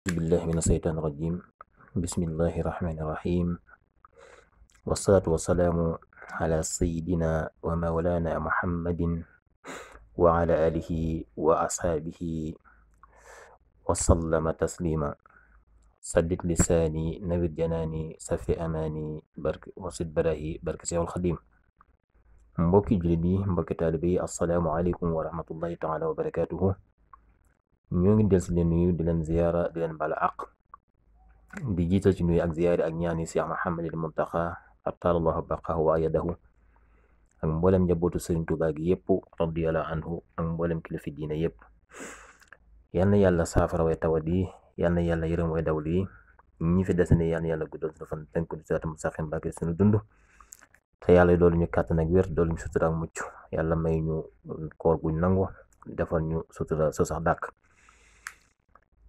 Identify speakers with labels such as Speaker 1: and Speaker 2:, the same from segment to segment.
Speaker 1: أعوذ بالله من الشيطان الرجيم بسم الله الرحمن الرحيم والصلاة والسلام على سيدنا ومولانا محمد وعلى آله وأصحابه وسلم تسليما سدد لساني نبي جناني سفي أماني برك وسد براهي برك سيد الخديم mbokki jullit yi mbokki taalibe yi assalaamu aleykum wa rahmatullahi taala wa barakatuhu ñoo ngi del si leen nuyu di leen ziyaara di leen bala àq di jiital ci nuyu ak ziyaari ak ñaani Cheikh Mouhamadul Muntaxa abtaalallahu baqaahu wa ayadahu ak mboolem njabootu Sëriñ Tuubaa gi yëpp radiyallahu anhu ak mboolem kilifa diine yëpp yal na yàlla saafara way tawat yi yal yàlla yërëm way dawlu yi ñi fi des ne yàlla guddal suñu fan tënk di siraatal mustaqiim barke suñu dund te yàlla doolu ñu kàttan ak wér doolu ñu sutura ak mucc yàlla may ñu koor guñ nangu defal ñu sutura so sax dàkk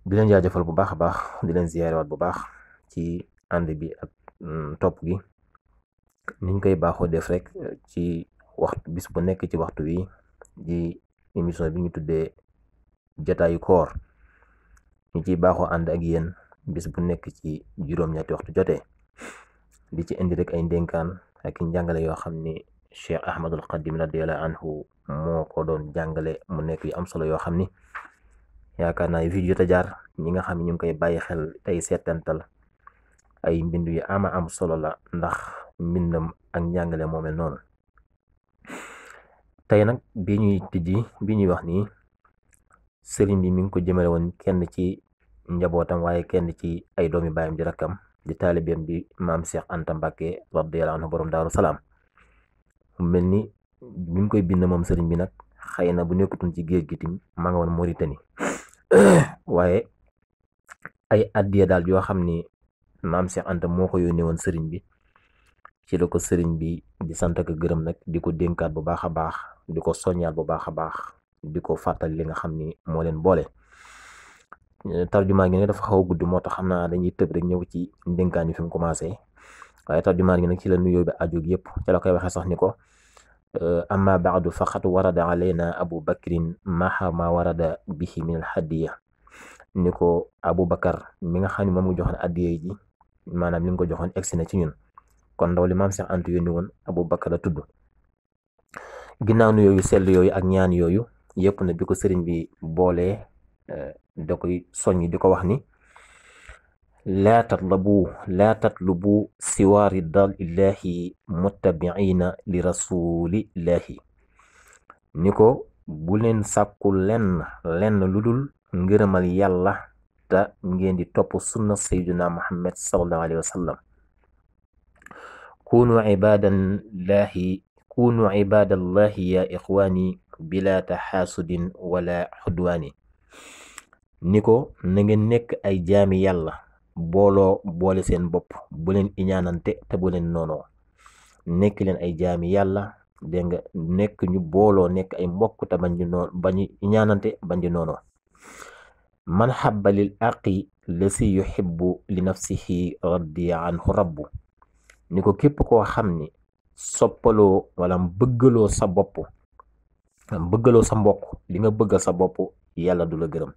Speaker 1: di leen jaajëfal bu baax a baax di leen ziyaarewaat bu baax ci ànd bi ak mm, topp gi niñ koy baaxoo def rek ci waxtu bis bu nekk ci waxtu wi di émission bi ñu tuddee jataayu koor ñu ciy baaxoo ànd ak yéen bis bu nekk ci juróom waxtu jotee di ci indi rek ay ndénkaan ak i njàngale yoo xam ni Cheikh Ahmadul Xadim radiyallahu anhu moo ko doon jàngale mu nekk yu am solo yoo xam ni yaakaar naa fi jot a jaar ñi nga xam ne ñu ngi koy bàyyi xel tey seetantal ay mbind yu ama am solo la ndax mbindam ak njàngale moo noonu tey nag bi ñuy tijji bi ñuy wax nii sëriñ bi mi ngi ko jëmale woon kenn ci njabootam waaye kenn ci ay doomi baayam di rakkam di taalibeem bi maam Cheikh Anta Mbacke radiyallahu anhu borom salaam mel ni bi koy bind moom sëriñ bi nag xëy na bu nekkutoon ci géej gi tim ma nga woon waaye ay addiya daal yoo xam ni maam Cheikh Anta moo ko yónnee woon sëriñ bi ci la ko sëriñ bi di sant ak gërëm nag di ko dénkaat bu baax a baax di ko soñaat bu baax a baax di ko fàttali li nga xam ni moo leen boole. Eh, tarjumaa gi nag dafa xaw a gudd moo tax xam naa dañuy tëb rek ñëw ci ndénkaan yi fi mu commencé waaye tarjumaa ngi nag ci la nuyoo bi aju yëpp ci la koy waxee sax ni ko. amma baadu faqad warada alayna abu bakrin maha ma warada bihi min alhadiya ni ko abu bakar mi nga xam ne moom nga joxoon addiye ji maanaam li nga ko joxoon egsi na ci ñun kon ndaw li maam Seex Anta yónni woon abu bakar a tudd ginnaaw nu yooyu sell yooyu ak ñaan yooyu yëpp na bi ko sëriñ bi boolee euh, da koy soññ di ko wax ni laa tatlabu laa tatlubu siwaari dalillahi muttabiina li rasulillahi ni ko bu leen sàkku lenn lenn lu dul ngërëmal yàlla te ngeen di topp sunna sayyidina muhammad sallallahu alayhi wa sallam kunu ibadallahi bila taxaasudin wala xudwaani ni ko nekk ay jaami yàlla booloo boole seen bopp bu leen iñaanante te bu leen noonoo nekk leen ay jaami yàlla dégg nekk ñu booloo nekk ay mbokk te bañ di noon bañ di noonoo man xabba lil aqi la si yuhibbu li nafsihi radiya anhu rabbu ni ko képp koo xam ni soppaloo wala bëggaloo sa bopp bëggaloo sa mbokk li nga bëggal sa bopp yàlla du la gërëm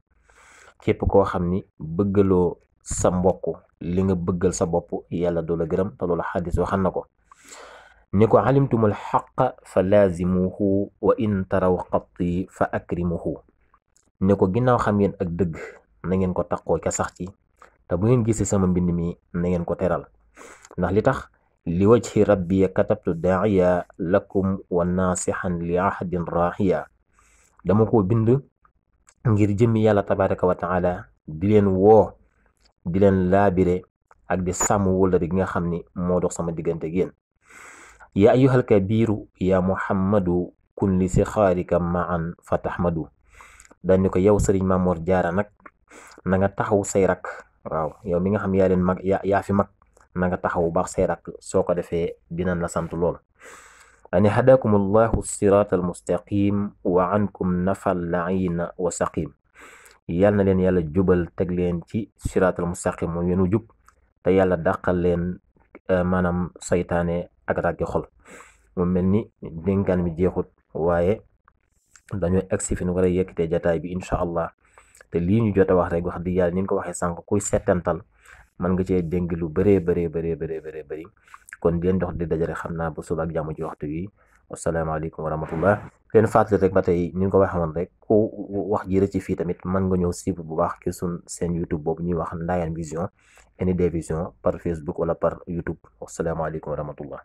Speaker 1: képp koo xam ni bëggaloo sa mbokk li nga bëggal sa bopp yàlla du la gërëm te loolu na ko ni ko alimtumul xaqa fa laazimuhu wa taraw xatti fa akrimuhu ni ko ginnaaw xam ngeen ak dëgg na ngeen ko taqoo ca sax ci te bu ngeen gisee sama mbind mi na ngeen ko teral ndax li tax li wajhi rabbi katabtu daaiya lakum wa naasixan li ahdin raaxiya dama ko bind ngir jëmmi yàlla tabaraka wa taala di woo dileen leen laabire ak di sàmm wóllëre gi nga xam ni moo dox sama diggante ak yéen yaa ayyuhal kabiru yaa muhammadu kun li si xaarika maan fa taxmadu dañ ni ko yow sëriñ Mamoor Jaara nag na nga taxaw say rak waaw yow mi nga xam yaa leen mag yaa fi mag na nga taxaw baax say rak soo ko defee dinañ la sant lool ani hadakum allahu siraat almustaqim wa ankum nafa laina wa saqim yal na leen yàlla jubal teg leen ci siraatal mustaqim mooy yoonu jub te yàlla dàqal leen eh, maanaam saytaane ak ràggi xol mu mel ni dénkaan bi jeexut waaye dañoo egsi fi ñu war a yekkitee jataay bi incha allah te lii ñu jot a wax rek wax di yàlla ni ñu ko waxee sànq kuy settantal mën nga cee dénk lu bëree bëree bëree bëree bëri kon di leen dox di dajale xam naa ba suba ak jàmm ci waxtu wi wasalaamaaleykum wa rahmatullah leen fàttali rek ba tey ni nga ko waxee woon rek ku wax ji ci fii tamit mën nga ñëw suivre bu baax ci sun seen youtube boobu ñuy wax Ndayane Vision ND Vision par facebook wala par youtube wasalaamaaleykum wa rahmatullah